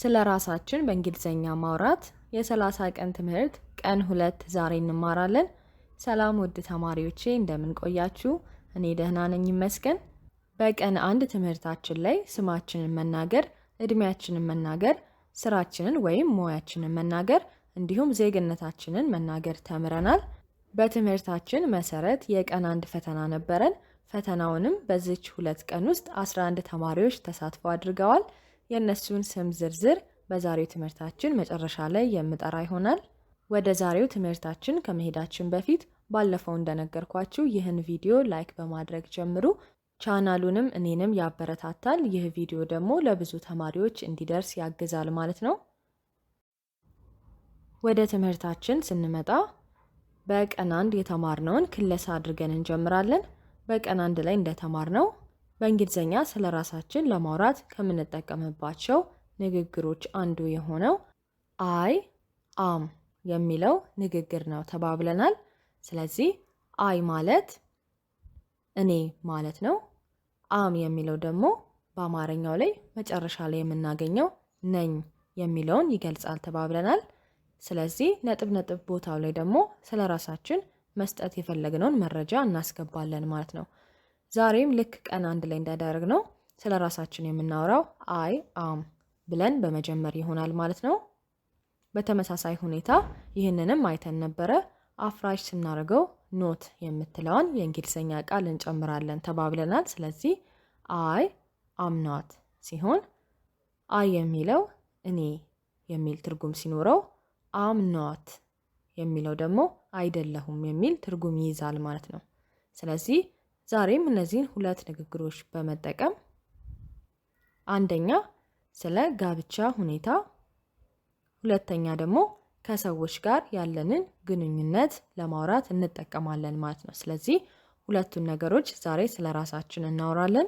ስለ ራሳችን በእንግሊዝኛ ማውራት የሰላሳ ቀን ትምህርት ቀን ሁለት ዛሬ እንማራለን። ሰላም ውድ ተማሪዎቼ እንደምንቆያችሁ፣ እኔ ደህና ነኝ ይመስገን። በቀን አንድ ትምህርታችን ላይ ስማችንን መናገር፣ እድሜያችንን መናገር፣ ስራችንን ወይም ሙያችንን መናገር እንዲሁም ዜግነታችንን መናገር ተምረናል። በትምህርታችን መሰረት የቀን አንድ ፈተና ነበረን። ፈተናውንም በዚች ሁለት ቀን ውስጥ 11 ተማሪዎች ተሳትፎ አድርገዋል። የእነሱን ስም ዝርዝር በዛሬው ትምህርታችን መጨረሻ ላይ የምጠራ ይሆናል። ወደ ዛሬው ትምህርታችን ከመሄዳችን በፊት ባለፈው እንደነገርኳችሁ ይህን ቪዲዮ ላይክ በማድረግ ጀምሩ። ቻናሉንም እኔንም ያበረታታል። ይህ ቪዲዮ ደግሞ ለብዙ ተማሪዎች እንዲደርስ ያግዛል ማለት ነው። ወደ ትምህርታችን ስንመጣ በቀን አንድ የተማርነውን ክለሳ አድርገን እንጀምራለን። በቀን አንድ ላይ እንደተማርነው በእንግሊዝኛ ስለ ራሳችን ለማውራት ከምንጠቀምባቸው ንግግሮች አንዱ የሆነው አይ አም የሚለው ንግግር ነው ተባብለናል። ስለዚህ አይ ማለት እኔ ማለት ነው። አም የሚለው ደግሞ በአማርኛው ላይ መጨረሻ ላይ የምናገኘው ነኝ የሚለውን ይገልጻል ተባብለናል። ስለዚህ ነጥብ ነጥብ ቦታው ላይ ደግሞ ስለ ራሳችን መስጠት የፈለግነውን መረጃ እናስገባለን ማለት ነው። ዛሬም ልክ ቀን አንድ ላይ እንዳደረግ ነው ስለ ራሳችን የምናወራው አይ አም ብለን በመጀመር ይሆናል ማለት ነው። በተመሳሳይ ሁኔታ ይህንንም አይተን ነበረ። አፍራሽ ስናደርገው ኖት የምትለውን የእንግሊዝኛ ቃል እንጨምራለን ተባብለናል። ስለዚህ አይ አም ኖት ሲሆን አይ የሚለው እኔ የሚል ትርጉም ሲኖረው አም ኖት የሚለው ደግሞ አይደለሁም የሚል ትርጉም ይይዛል ማለት ነው። ስለዚህ ዛሬም እነዚህን ሁለት ንግግሮች በመጠቀም አንደኛ ስለ ጋብቻ ሁኔታ፣ ሁለተኛ ደግሞ ከሰዎች ጋር ያለንን ግንኙነት ለማውራት እንጠቀማለን ማለት ነው። ስለዚህ ሁለቱን ነገሮች ዛሬ ስለ ራሳችን እናወራለን።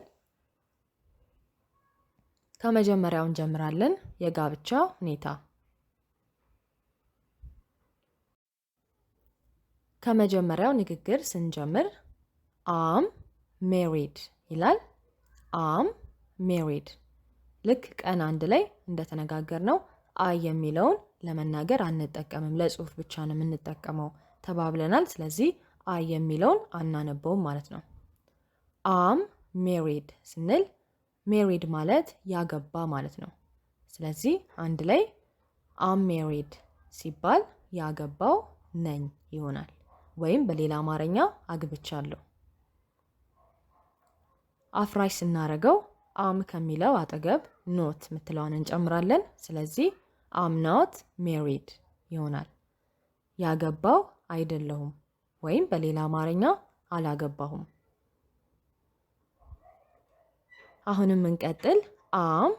ከመጀመሪያው እንጀምራለን። የጋብቻ ሁኔታ ከመጀመሪያው ንግግር ስንጀምር አም ሜሪድ ይላል። አም ሜሪድ ልክ ቀን አንድ ላይ እንደተነጋገር ነው። አይ የሚለውን ለመናገር አንጠቀምም፣ ለጽሁፍ ብቻ ነው የምንጠቀመው ተባብለናል። ስለዚህ አይ የሚለውን አናነበውም ማለት ነው። አም ሜሪድ ስንል ሜሪድ ማለት ያገባ ማለት ነው። ስለዚህ አንድ ላይ አም ሜሪድ ሲባል ያገባው ነኝ ይሆናል። ወይም በሌላ አማርኛ አግብቻለሁ። አፍራሽ ስናደርገው አም ከሚለው አጠገብ ኖት የምትለዋን እንጨምራለን። ስለዚህ አም ኖት ሜሪድ ይሆናል። ያገባው አይደለሁም ወይም በሌላ አማርኛ አላገባሁም። አሁንም እንቀጥል። አም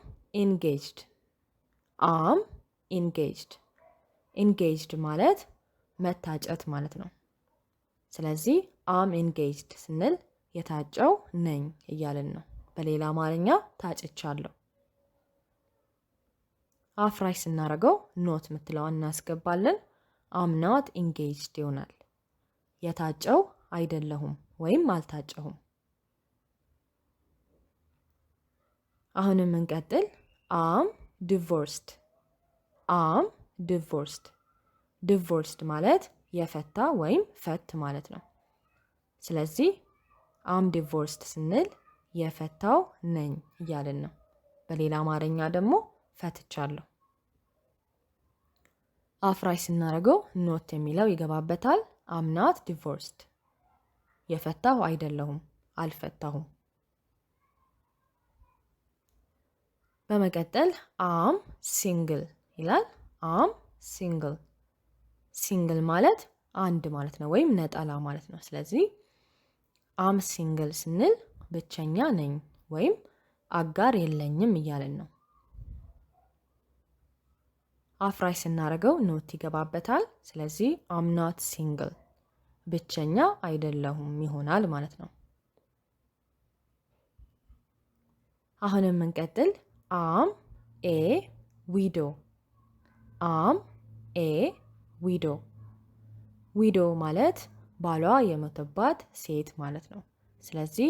ኢንጌጅድ፣ አም ኢንጌጅድ። ኢንጌጅድ ማለት መታጨት ማለት ነው። ስለዚህ አም ኢንጌጅድ ስንል የታጨው ነኝ እያልን ነው። በሌላ አማርኛ ታጭቻለሁ። አፍራሽ ስናደርገው ኖት የምትለዋን እናስገባለን። አምናት ኢንጌጅድ ይሆናል። የታጨው አይደለሁም ወይም አልታጨሁም። አሁንም እንቀጥል። አም ዲቮርስድ፣ አም ዲቮርስድ። ዲቮርስድ ማለት የፈታ ወይም ፈት ማለት ነው። ስለዚህ አም ዲቮርስድ ስንል የፈታው ነኝ እያልን ነው። በሌላ አማርኛ ደግሞ ፈትቻለሁ። አፍራሽ ስናደርገው ኖት የሚለው ይገባበታል። አም ናት ዲቮርስድ የፈታሁ አይደለሁም፣ አልፈታሁም። በመቀጠል አም ሲንግል ይላል። አም ሲንግል ሲንግል ማለት አንድ ማለት ነው፣ ወይም ነጠላ ማለት ነው። ስለዚህ አም ሲንግል ስንል ብቸኛ ነኝ ወይም አጋር የለኝም እያልን ነው። አፍራይ ስናደርገው ኖት ይገባበታል። ስለዚህ አም ኖት ሲንግል ብቸኛ አይደለሁም ይሆናል ማለት ነው። አሁን የምንቀጥል አም ኤ ዊዶ አም ኤ ዊዶ ዊዶ ማለት ባሏ የሞተባት ሴት ማለት ነው። ስለዚህ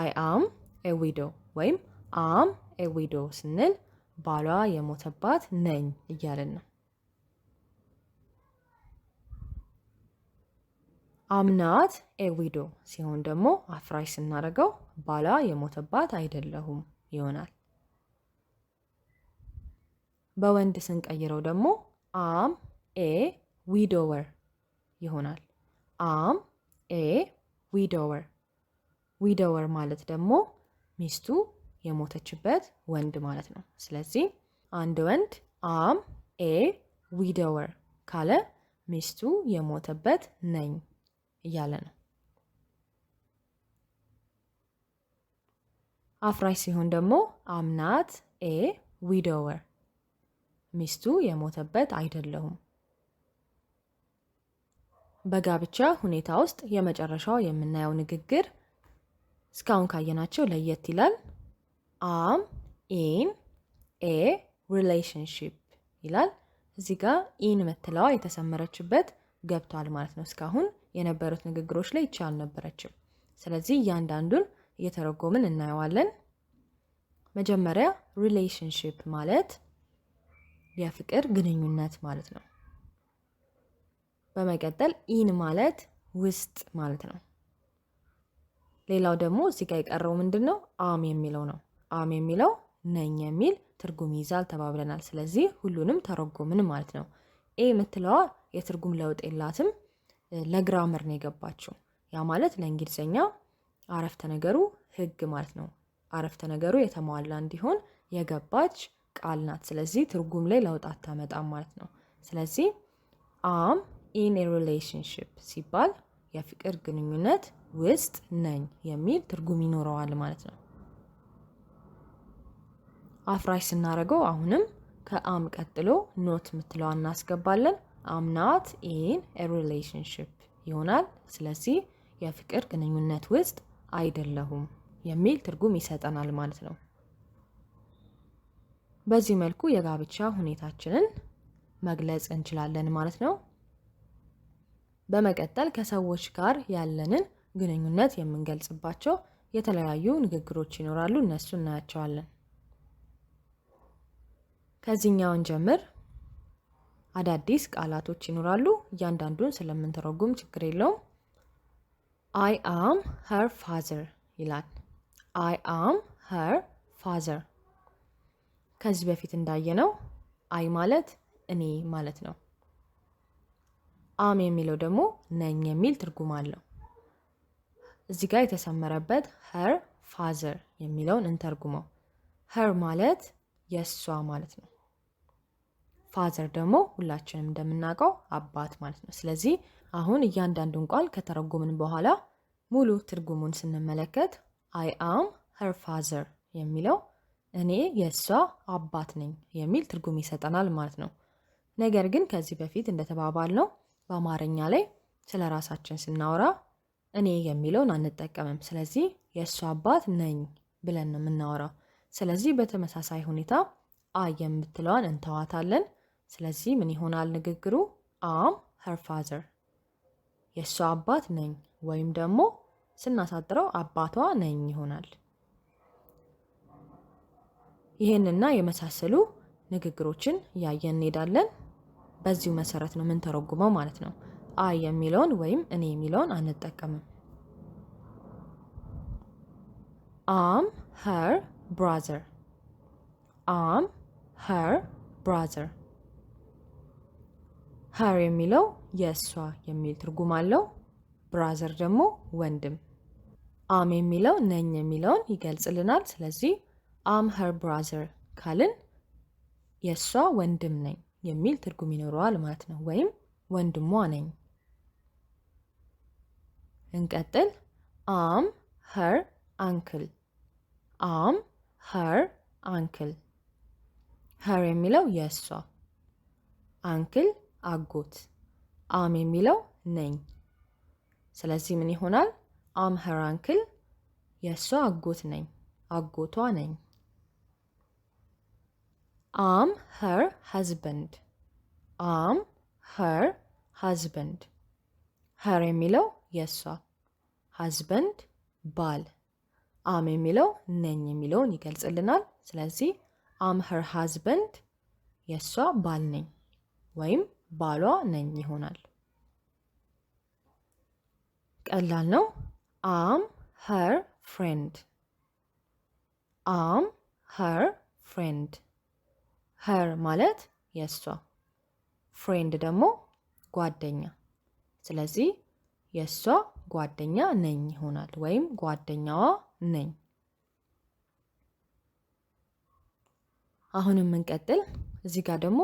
አይ አም ኤ ዊዶ ወይም አም ኤ ዊዶ ስንል ባሏ የሞተባት ነኝ እያለን ነው። አምናት ኤ ዊዶ ሲሆን ደግሞ አፍራሽ ስናደርገው ባሏ የሞተባት አይደለሁም ይሆናል። በወንድ ስንቀይረው ደግሞ አም ኤ ዊዶወር ይሆናል። አም ኤ ዊዶወር ዊዶወር ማለት ደግሞ ሚስቱ የሞተችበት ወንድ ማለት ነው። ስለዚህ አንድ ወንድ አም ኤ ዊዶወር ካለ ሚስቱ የሞተበት ነኝ እያለ ነው። አፍራሽ ሲሆን ደግሞ አምናት ኤ ዊዶወር ሚስቱ የሞተበት አይደለሁም በጋብቻ ሁኔታ ውስጥ የመጨረሻው የምናየው ንግግር እስካሁን ካየናቸው ለየት ይላል። አም ኢን ኤ ሪሌሽንሽፕ ይላል። እዚህ ጋር ኢን ምትለዋ የተሰመረችበት ገብቷል ማለት ነው። እስካሁን የነበሩት ንግግሮች ላይ ይቻል አልነበረችም። ስለዚህ እያንዳንዱን እየተረጎምን እናየዋለን። መጀመሪያ ሪሌሽንሽፕ ማለት የፍቅር ግንኙነት ማለት ነው። በመቀጠል ኢን ማለት ውስጥ ማለት ነው። ሌላው ደግሞ እዚህ ጋር የቀረው ምንድን ነው? አም የሚለው ነው። አም የሚለው ነኝ የሚል ትርጉም ይዛል ተባብለናል። ስለዚህ ሁሉንም ተረጎምን ማለት ነው። ኤ የምትለዋ የትርጉም ለውጥ የላትም፣ ለግራመር ነው የገባችው። ያ ማለት ለእንግሊዝኛ አረፍተ ነገሩ ህግ ማለት ነው። አረፍተ ነገሩ የተሟላ እንዲሆን የገባች ቃል ናት። ስለዚህ ትርጉም ላይ ለውጥ አታመጣም ማለት ነው። ስለዚህ አም ኢን ሪሌሽንሽፕ ሲባል የፍቅር ግንኙነት ውስጥ ነኝ የሚል ትርጉም ይኖረዋል ማለት ነው። አፍራሽ ስናደርገው አሁንም ከአም ቀጥሎ ኖት የምትለዋ እናስገባለን። አምናት ኢን ሪሌሽንሽፕ ይሆናል። ስለዚህ የፍቅር ግንኙነት ውስጥ አይደለሁም የሚል ትርጉም ይሰጠናል ማለት ነው። በዚህ መልኩ የጋብቻ ሁኔታችንን መግለጽ እንችላለን ማለት ነው። በመቀጠል ከሰዎች ጋር ያለንን ግንኙነት የምንገልጽባቸው የተለያዩ ንግግሮች ይኖራሉ። እነሱ እናያቸዋለን። ከዚህኛውን ጀምር። አዳዲስ ቃላቶች ይኖራሉ። እያንዳንዱን ስለምንተረጉም ችግር የለውም። አይ አም ሄር ፋዘር ይላል። አይ አም ሄር ፋዘር። ከዚህ በፊት እንዳየነው አይ ማለት እኔ ማለት ነው። አም የሚለው ደግሞ ነኝ የሚል ትርጉም አለው። እዚህ ጋር የተሰመረበት ኸር ፋዘር የሚለውን እንተርጉመው። ኸር ማለት የእሷ ማለት ነው። ፋዘር ደግሞ ሁላችንም እንደምናውቀው አባት ማለት ነው። ስለዚህ አሁን እያንዳንዱን ቃል ከተረጎምን በኋላ ሙሉ ትርጉሙን ስንመለከት አይ አም ኸር ፋዘር የሚለው እኔ የእሷ አባት ነኝ የሚል ትርጉም ይሰጠናል ማለት ነው። ነገር ግን ከዚህ በፊት እንደተባባል ነው በአማርኛ ላይ ስለ ራሳችን ስናወራ እኔ የሚለውን አንጠቀምም። ስለዚህ የእሱ አባት ነኝ ብለን ነው የምናወራው። ስለዚህ በተመሳሳይ ሁኔታ አ የምትለዋን እንተዋታለን። ስለዚህ ምን ይሆናል ንግግሩ? አም ሄር ፋዘር የእሷ አባት ነኝ፣ ወይም ደግሞ ስናሳጥረው አባቷ ነኝ ይሆናል። ይህንና የመሳሰሉ ንግግሮችን እያየን እንሄዳለን። በዚሁ መሰረት ነው ተረጉመው ማለት ነው። አይ የሚለውን ወይም እኔ የሚለውን አንጠቀምም። አም ሀር ብራዘር፣ አም ሀር ብራዘር። ሀር የሚለው የእሷ የሚል ትርጉም አለው። ብራዘር ደግሞ ወንድም። አም የሚለው ነኝ የሚለውን ይገልጽልናል። ስለዚህ አም ሀር ብራዘር ካልን የእሷ ወንድም ነኝ። የሚል ትርጉም ይኖረዋል ማለት ነው። ወይም ወንድሟ ነኝ። እንቀጥል። አም ኸር አንክል። አም ኸር አንክል። ኸር የሚለው የእሷ፣ አንክል አጎት፣ አም የሚለው ነኝ። ስለዚህ ምን ይሆናል? አም ኸር አንክል፣ የእሷ አጎት ነኝ፣ አጎቷ ነኝ። አም ኸር ሀዝበንድ አም ኸር ሀዝበንድ ኸር የሚለው የእሷ ሀዝበንድ ባል አም የሚለው ነኝ የሚለውን ይገልጽልናል። ስለዚህ አም ኸር ሀዝበንድ የእሷ ባል ነኝ ወይም ባሏ ነኝ ይሆናል። ቀላል ነው። አም ኸር ፍሬንድ አም ኸር ፍሬንድ ኸር ማለት የእሷ ፍሬንድ ደግሞ ጓደኛ። ስለዚህ የእሷ ጓደኛ ነኝ ይሆናል፣ ወይም ጓደኛዋ ነኝ። አሁንም እንቀጥል። እዚህ ጋር ደግሞ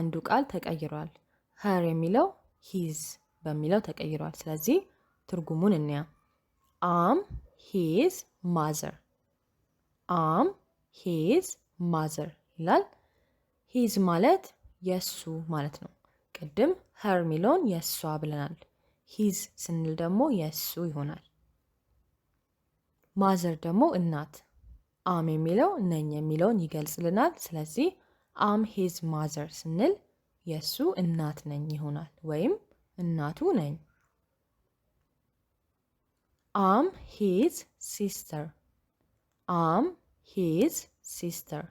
አንዱ ቃል ተቀይሯል። ኸር የሚለው ሂዝ በሚለው ተቀይሯል። ስለዚህ ትርጉሙን እንያ። አም ሂዝ ማዘር፣ አም ሂዝ ማዘር ይላል። ሂዝ ማለት የሱ ማለት ነው። ቅድም ኸር የሚለውን የሷ ብለናል። ሂዝ ስንል ደግሞ የሱ ይሆናል። ማዘር ደግሞ እናት፣ አም የሚለው ነኝ የሚለውን ይገልጽልናል። ስለዚህ አም ሂዝ ማዘር ስንል የሱ እናት ነኝ ይሆናል፣ ወይም እናቱ ነኝ። አም ሂዝ ሲስተር፣ አም ሂዝ ሲስተር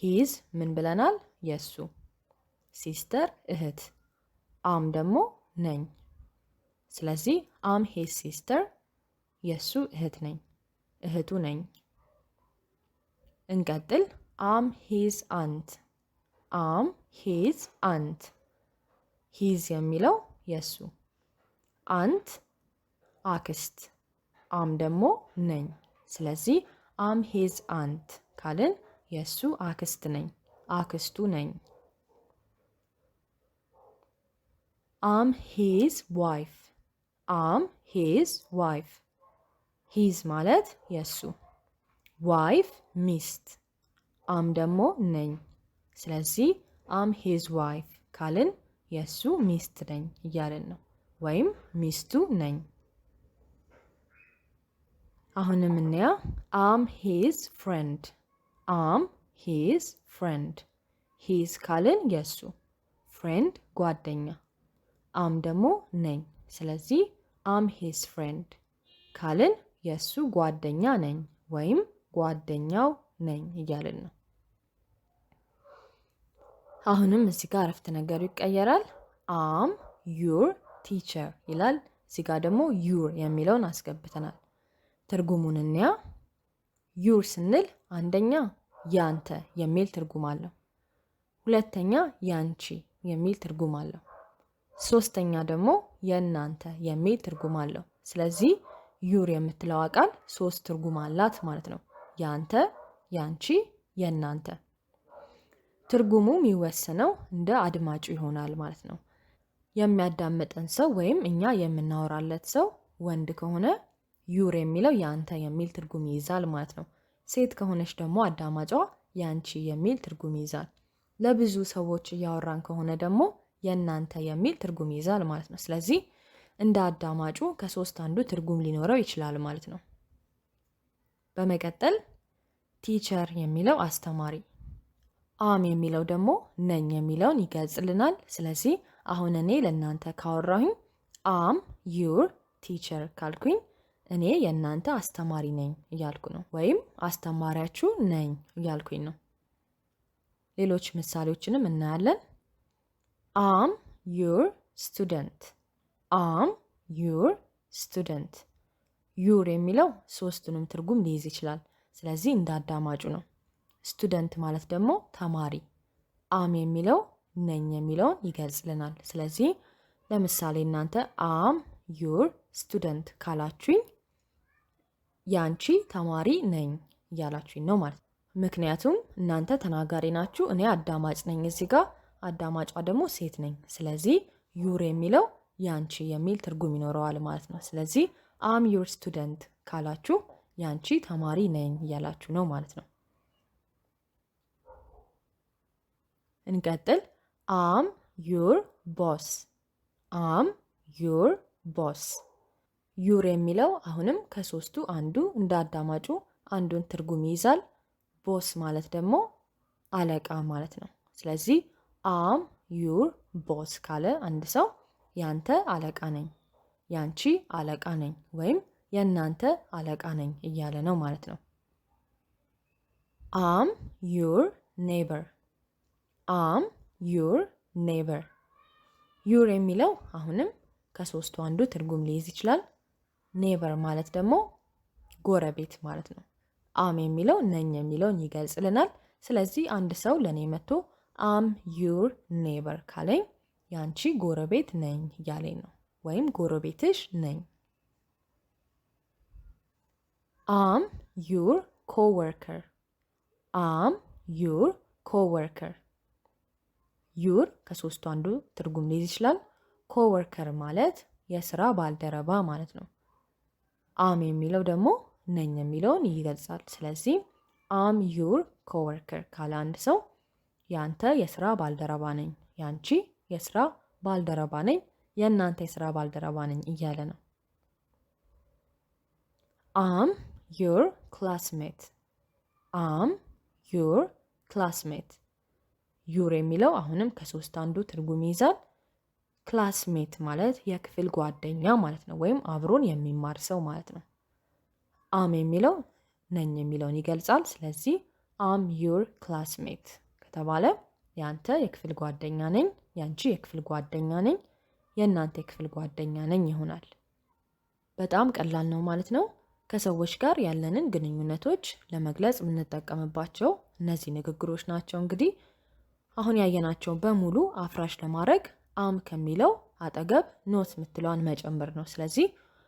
ሂዝ ምን ብለናል? የሱ ሲስተር እህት፣ አም ደግሞ ነኝ። ስለዚህ አም ሂዝ ሲስተር የሱ እህት ነኝ፣ እህቱ ነኝ። እንቀጥል። አም ሂዝ አንት፣ አም ሂዝ አንት። ሂዝ የሚለው የሱ አንት አክስት አም ደግሞ ነኝ። ስለዚህ አም ሂዝ አንት ካልን የእሱ አክስት ነኝ፣ አክስቱ ነኝ። አም ሂዝ ዋይፍ፣ አም ሂዝ ዋይፍ። ሂዝ ማለት የእሱ፣ ዋይፍ ሚስት፣ አም ደግሞ ነኝ። ስለዚህ አም ሂዝ ዋይፍ ካልን የእሱ ሚስት ነኝ እያልን ነው፣ ወይም ሚስቱ ነኝ። አሁንም እንያ አም ሂዝ ፍሬንድ አም ሂዝ ፍሬንድ ሂዝ ካልን የሱ ፍሬንድ ጓደኛ፣ አም ደግሞ ነኝ። ስለዚህ አም ሂዝ ፍሬንድ ካልን የሱ ጓደኛ ነኝ ወይም ጓደኛው ነኝ እያልን ነው። አሁንም እዚህ ጋር አረፍተ ነገሩ ይቀየራል። አም ዩር ቲቸር ይላል። እዚህ ጋር ደግሞ ዩር የሚለውን አስገብተናል። ትርጉሙን እንያ። ዩር ስንል አንደኛ ያንተ የሚል ትርጉም አለው። ሁለተኛ ያንቺ የሚል ትርጉም አለው። ሶስተኛ ደግሞ የእናንተ የሚል ትርጉም አለው። ስለዚህ ዩር የምትለው ቃል ሶስት ትርጉም አላት ማለት ነው። ያንተ፣ ያንቺ፣ የእናንተ። ትርጉሙ የሚወሰነው እንደ አድማጩ ይሆናል ማለት ነው። የሚያዳምጠን ሰው ወይም እኛ የምናወራለት ሰው ወንድ ከሆነ ዩር የሚለው ያንተ የሚል ትርጉም ይይዛል ማለት ነው። ሴት ከሆነች ደግሞ አዳማጯ ያንቺ የሚል ትርጉም ይይዛል። ለብዙ ሰዎች እያወራን ከሆነ ደግሞ የእናንተ የሚል ትርጉም ይይዛል ማለት ነው። ስለዚህ እንደ አዳማጩ ከሶስት አንዱ ትርጉም ሊኖረው ይችላል ማለት ነው። በመቀጠል ቲቸር የሚለው አስተማሪ፣ አም የሚለው ደግሞ ነኝ የሚለውን ይገልጽልናል። ስለዚህ አሁን እኔ ለእናንተ ካወራሁኝ አም ዩር ቲቸር ካልኩኝ እኔ የእናንተ አስተማሪ ነኝ እያልኩ ነው፣ ወይም አስተማሪያችሁ ነኝ እያልኩኝ ነው። ሌሎች ምሳሌዎችንም እናያለን። አም ዩር ስቱደንት፣ አም ዩር ስቱደንት። ዩር የሚለው ሶስቱንም ትርጉም ሊይዝ ይችላል። ስለዚህ እንደ አዳማጩ ነው። ስቱደንት ማለት ደግሞ ተማሪ፣ አም የሚለው ነኝ የሚለውን ይገልጽልናል። ስለዚህ ለምሳሌ እናንተ አም ዩር ስቱደንት ካላችሁኝ የአንቺ ተማሪ ነኝ እያላችሁኝ ነው ማለት ነው። ምክንያቱም እናንተ ተናጋሪ ናችሁ፣ እኔ አዳማጭ ነኝ። እዚህ ጋር አዳማጯ ደግሞ ሴት ነኝ። ስለዚህ ዩር የሚለው ያንቺ የሚል ትርጉም ይኖረዋል ማለት ነው። ስለዚህ አም ዩር ስቱደንት ካላችሁ የአንቺ ተማሪ ነኝ እያላችሁ ነው ማለት ነው። እንቀጥል። አም ዩር ቦስ አም ዩር ቦስ። ዩር የሚለው አሁንም ከሶስቱ አንዱ እንደ አዳማጩ አንዱን ትርጉም ይይዛል። ቦስ ማለት ደግሞ አለቃ ማለት ነው። ስለዚህ አም ዩር ቦስ ካለ አንድ ሰው ያንተ አለቃ ነኝ፣ ያንቺ አለቃ ነኝ ወይም የእናንተ አለቃ ነኝ እያለ ነው ማለት ነው። አም ዩር ኔበር፣ አም ዩር ኔበር። ዩር የሚለው አሁንም ከሶስቱ አንዱ ትርጉም ሊይዝ ይችላል። ኔበር ማለት ደግሞ ጎረቤት ማለት ነው። አም የሚለው ነኝ የሚለውን ይገልጽልናል። ስለዚህ አንድ ሰው ለእኔ መጥቶ አም ዩር ኔበር ካለኝ ያንቺ ጎረቤት ነኝ እያለኝ ነው፣ ወይም ጎረቤትሽ ነኝ። አም ዩር ኮወርከር፣ አም ዩር ኮወርከር። ዩር ከሶስቱ አንዱ ትርጉም ሊይዝ ይችላል። ኮወርከር ማለት የስራ ባልደረባ ማለት ነው። አም የሚለው ደግሞ ነኝ የሚለውን ይገልጻል። ስለዚህ አም ዩር ኮወርከር ካለ አንድ ሰው ያንተ የስራ ባልደረባ ነኝ፣ ያንቺ የስራ ባልደረባ ነኝ፣ የእናንተ የስራ ባልደረባ ነኝ እያለ ነው። አም ዩር ክላስሜት፣ አም ዩር ክላስሜት። ዩር የሚለው አሁንም ከሶስት አንዱ ትርጉም ይይዛል። ክላስሜት ማለት የክፍል ጓደኛ ማለት ነው፣ ወይም አብሮን የሚማር ሰው ማለት ነው። አም የሚለው ነኝ የሚለውን ይገልጻል። ስለዚህ አም ዩር ክላስሜት ከተባለ የአንተ የክፍል ጓደኛ ነኝ፣ የአንቺ የክፍል ጓደኛ ነኝ፣ የእናንተ የክፍል ጓደኛ ነኝ ይሆናል። በጣም ቀላል ነው ማለት ነው። ከሰዎች ጋር ያለንን ግንኙነቶች ለመግለጽ የምንጠቀምባቸው እነዚህ ንግግሮች ናቸው። እንግዲህ አሁን ያየናቸው በሙሉ አፍራሽ ለማድረግ አም ከሚለው አጠገብ ኖት የምትለዋን መጨመር ነው። ስለዚህ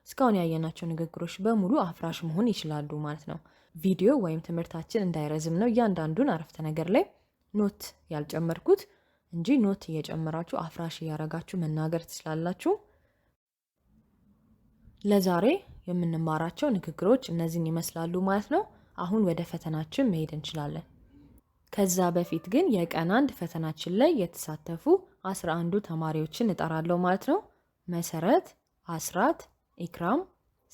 እስካሁን ያየናቸው ንግግሮች በሙሉ አፍራሽ መሆን ይችላሉ ማለት ነው። ቪዲዮ ወይም ትምህርታችን እንዳይረዝም ነው እያንዳንዱን አረፍተ ነገር ላይ ኖት ያልጨመርኩት እንጂ ኖት እየጨመራችሁ አፍራሽ እያረጋችሁ መናገር ትችላላችሁ። ለዛሬ የምንማራቸው ንግግሮች እነዚህን ይመስላሉ ማለት ነው። አሁን ወደ ፈተናችን መሄድ እንችላለን። ከዛ በፊት ግን የቀን አንድ ፈተናችን ላይ የተሳተፉ አስራ አንዱ ተማሪዎችን እጠራለሁ ማለት ነው። መሰረት፣ አስራት፣ ኢክራም፣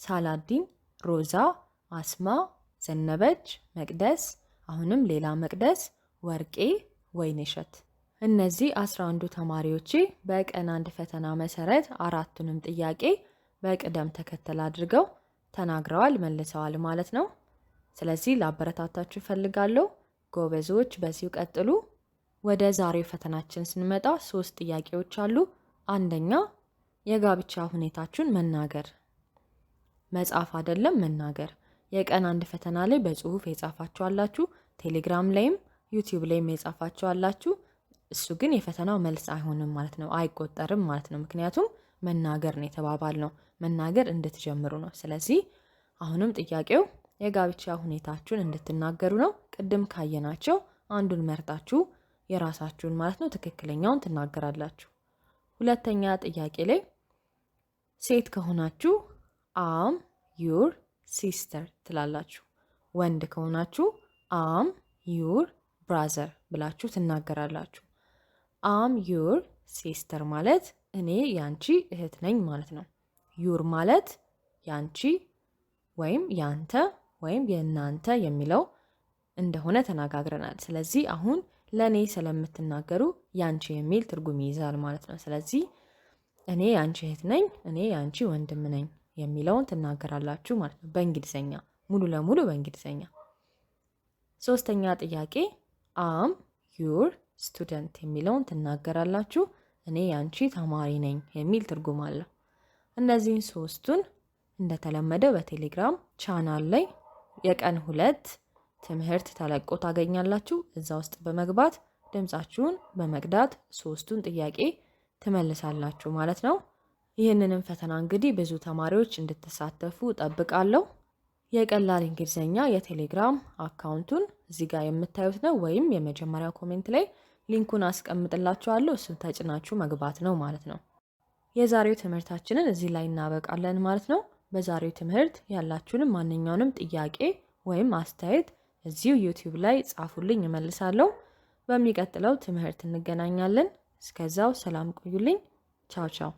ሳላዲን፣ ሮዛ፣ አስማ፣ ዘነበች፣ መቅደስ፣ አሁንም ሌላ መቅደስ፣ ወርቄ፣ ወይንሸት እነዚህ አስራ አንዱ ተማሪዎቼ በቀን አንድ ፈተና መሰረት አራቱንም ጥያቄ በቅደም ተከተል አድርገው ተናግረዋል መልሰዋል ማለት ነው። ስለዚህ ላበረታታችሁ እፈልጋለሁ። ጎበዞች፣ በዚሁ ቀጥሉ። ወደ ዛሬው ፈተናችን ስንመጣ ሶስት ጥያቄዎች አሉ። አንደኛ የጋብቻ ሁኔታችሁን መናገር፣ መጻፍ አይደለም መናገር። የቀን አንድ ፈተና ላይ በጽሁፍ የጻፋችሁ አላችሁ፣ ቴሌግራም ላይም ዩቲዩብ ላይም የጻፋችሁ አላችሁ። እሱ ግን የፈተናው መልስ አይሆንም ማለት ነው፣ አይቆጠርም ማለት ነው። ምክንያቱም መናገር ነው የተባባል ነው፣ መናገር እንድትጀምሩ ነው። ስለዚህ አሁንም ጥያቄው የጋብቻ ሁኔታችሁን እንድትናገሩ ነው። ቅድም ካየናቸው አንዱን መርጣችሁ የራሳችሁን ማለት ነው ትክክለኛውን ትናገራላችሁ። ሁለተኛ ጥያቄ ላይ ሴት ከሆናችሁ አም ዩር ሲስተር ትላላችሁ። ወንድ ከሆናችሁ አም ዩር ብራዘር ብላችሁ ትናገራላችሁ። አም ዩር ሲስተር ማለት እኔ ያንቺ እህት ነኝ ማለት ነው። ዩር ማለት ያንቺ ወይም ያንተ ወይም የእናንተ የሚለው እንደሆነ ተነጋግረናል። ስለዚህ አሁን ለእኔ ስለምትናገሩ ያንቺ የሚል ትርጉም ይይዛል ማለት ነው። ስለዚህ እኔ ያንቺ እህት ነኝ፣ እኔ ያንቺ ወንድም ነኝ የሚለውን ትናገራላችሁ ማለት ነው። በእንግሊዝኛ ሙሉ ለሙሉ በእንግሊዝኛ። ሶስተኛ ጥያቄ አም ዩር ስቱደንት የሚለውን ትናገራላችሁ። እኔ ያንቺ ተማሪ ነኝ የሚል ትርጉም አለው። እነዚህን ሶስቱን እንደተለመደው በቴሌግራም ቻናል ላይ የቀን ሁለት ትምህርት ተለቆ ታገኛላችሁ። እዛ ውስጥ በመግባት ድምፃችሁን በመቅዳት ሶስቱን ጥያቄ ትመልሳላችሁ ማለት ነው። ይህንንም ፈተና እንግዲህ ብዙ ተማሪዎች እንድትሳተፉ ጠብቃለሁ። የቀላል እንግሊዝኛ የቴሌግራም አካውንቱን እዚህ ጋር የምታዩት ነው፣ ወይም የመጀመሪያ ኮሜንት ላይ ሊንኩን አስቀምጥላችኋለሁ። እሱን ተጭናችሁ መግባት ነው ማለት ነው። የዛሬው ትምህርታችንን እዚህ ላይ እናበቃለን ማለት ነው። በዛሬው ትምህርት ያላችሁንም ማንኛውንም ጥያቄ ወይም አስተያየት እዚሁ ዩቲዩብ ላይ ጻፉልኝ፣ እመልሳለሁ። በሚቀጥለው ትምህርት እንገናኛለን። እስከዛው ሰላም ቆዩልኝ። ቻው ቻው።